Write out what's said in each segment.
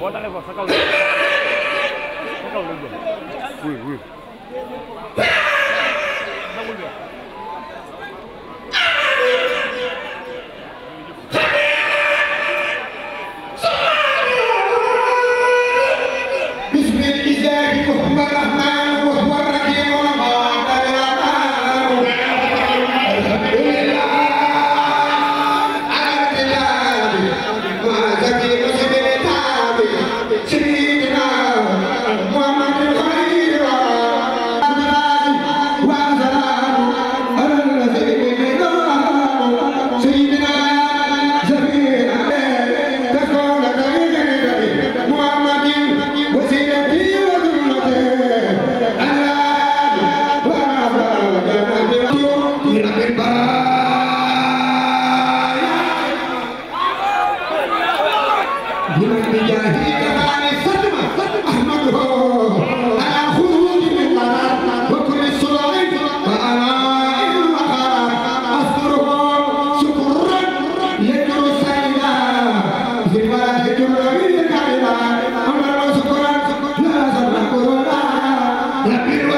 boo dalee ko sa kaw la sa kaw la jëm oui oui. Amen.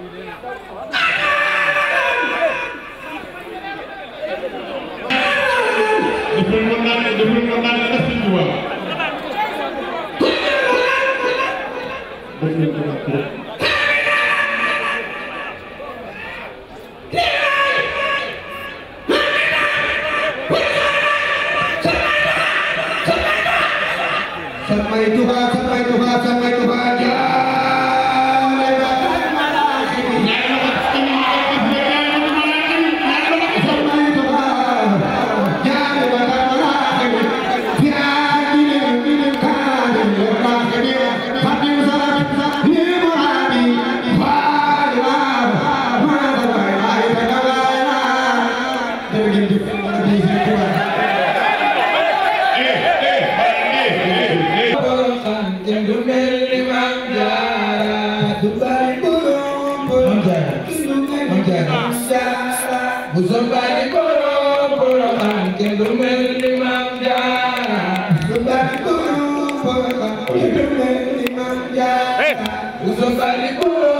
sampai Tuhan, sampai Tuhan, sampai Tuhan. bu sombaani koro koro man kenn du mel ni Maam Jaara bu sombaani koro koro man kenn du mel ni Maam Jaara bu sombaani koro